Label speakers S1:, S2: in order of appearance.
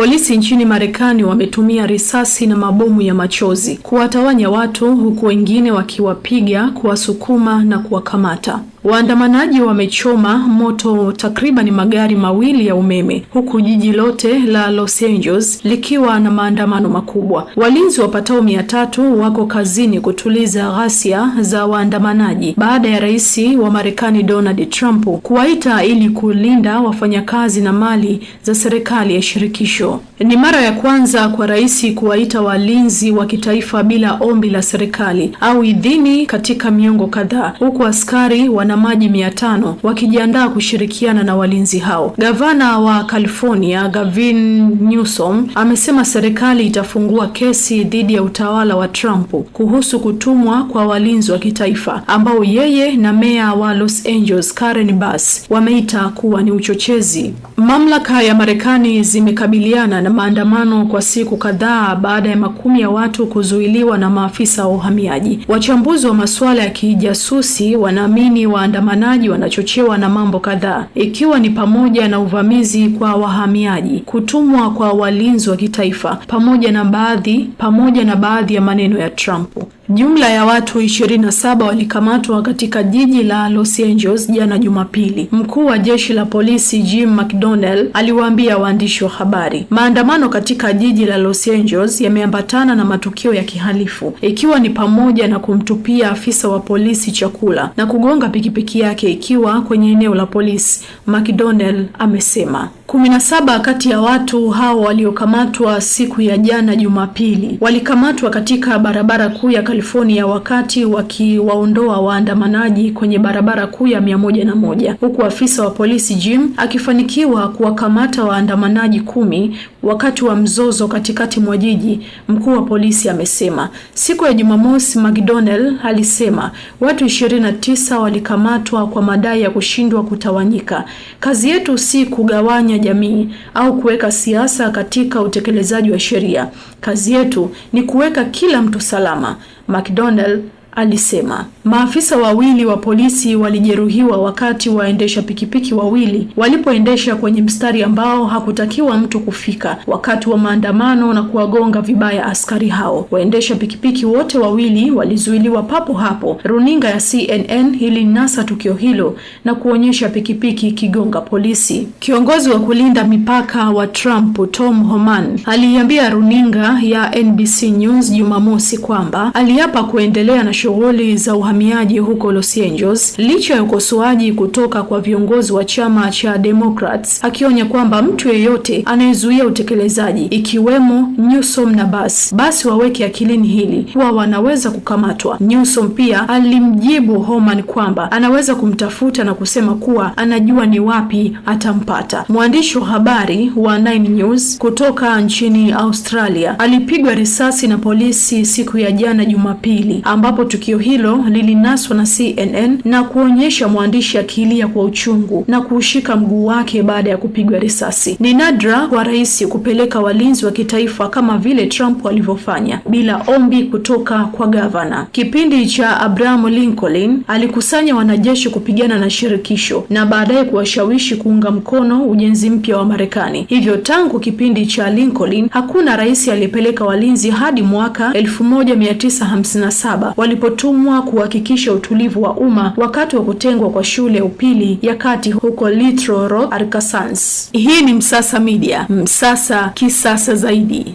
S1: Polisi nchini Marekani wametumia risasi na mabomu ya machozi kuwatawanya watu huku wengine wakiwapiga, kuwasukuma na kuwakamata. Waandamanaji wamechoma moto takriban magari mawili ya umeme huku jiji lote la Los Angeles likiwa na maandamano makubwa. Walinzi wapatao mia tatu wako kazini kutuliza ghasia za waandamanaji baada ya rais wa Marekani Donald Trump kuwaita ili kulinda wafanyakazi na mali za serikali ya shirikisho. Ni mara ya kwanza kwa rais kuwaita walinzi wa kitaifa bila ombi la serikali au idhini katika miongo kadhaa, huku askari wa wanamaji mia tano wakijiandaa kushirikiana na walinzi hao. Gavana wa California Gavin Newsom amesema serikali itafungua kesi dhidi ya utawala wa Trump kuhusu kutumwa kwa walinzi wa kitaifa ambao yeye na meya wa Los Angeles Karen Bass wameita kuwa ni uchochezi. Mamlaka ya Marekani zimekabiliana na maandamano kwa siku kadhaa baada ya makumi ya watu kuzuiliwa na maafisa wa uhamiaji. Wachambuzi wa masuala ya kijasusi wanaamini wa waandamanaji wanachochewa na mambo kadhaa, ikiwa ni pamoja na uvamizi kwa wahamiaji, kutumwa kwa walinzi wa kitaifa pamoja na baadhi pamoja na baadhi ya maneno ya Trump. Jumla ya watu 27 walikamatwa katika jiji la Los Angeles jana Jumapili. Mkuu wa jeshi la polisi Jim McDonnell aliwaambia waandishi wa habari. Maandamano katika jiji la Los Angeles yameambatana na matukio ya kihalifu, ikiwa ni pamoja na kumtupia afisa wa polisi chakula na kugonga pikipiki yake ikiwa kwenye eneo la polisi, McDonnell amesema. 17 kati ya watu hao waliokamatwa siku ya jana Jumapili walikamatwa katika barabara kuu ya California wakati wakiwaondoa waandamanaji kwenye barabara kuu ya mia moja na moja huku afisa wa polisi Jim akifanikiwa kuwakamata waandamanaji kumi wakati wa mzozo katikati mwa jiji. Mkuu wa polisi amesema siku ya Jumamosi. McDonnell alisema watu 29 walikamatwa kwa madai ya kushindwa kutawanyika. Kazi yetu si kugawanya jamii au kuweka siasa katika utekelezaji wa sheria. Kazi yetu ni kuweka kila mtu salama. McDonald alisema. Maafisa wawili wa polisi walijeruhiwa wakati waendesha pikipiki wawili walipoendesha kwenye mstari ambao hakutakiwa mtu kufika wakati wa maandamano na kuwagonga vibaya askari hao. Waendesha pikipiki wote wawili walizuiliwa papo hapo. Runinga ya CNN ilinasa tukio hilo na kuonyesha pikipiki ikigonga polisi. Kiongozi wa kulinda mipaka wa Trump, Tom Homan, aliambia runinga ya NBC News Jumamosi kwamba aliapa kuendelea na shughuli za uhamiaji huko Los Angeles licha ya ukosoaji kutoka kwa viongozi wa chama cha Democrats, akionya kwamba mtu yeyote anayezuia utekelezaji ikiwemo Newsom na Bass, basi waweke akilini hili kuwa wanaweza kukamatwa. Newsom pia alimjibu Homan kwamba anaweza kumtafuta na kusema kuwa anajua ni wapi atampata. Mwandishi wa habari wa Nine News kutoka nchini Australia alipigwa risasi na polisi siku ya jana Jumapili ambapo tukio hilo lilinaswa na CNN na kuonyesha mwandishi akilia kwa uchungu na kuushika mguu wake baada ya kupigwa risasi. Ni nadra kwa rais kupeleka walinzi wa kitaifa kama vile Trump alivyofanya bila ombi kutoka kwa gavana. Kipindi cha Abraham Lincoln alikusanya wanajeshi kupigana na shirikisho na baadaye kuwashawishi kuunga mkono ujenzi mpya wa Marekani. Hivyo tangu kipindi cha Lincoln hakuna rais aliyepeleka walinzi hadi mwaka 1957 wali walipotumwa kuhakikisha utulivu wa umma wakati wa kutengwa kwa shule ya upili ya kati huko Litro Road, Arkansas. Hii ni Msasa Media, Msasa kisasa zaidi.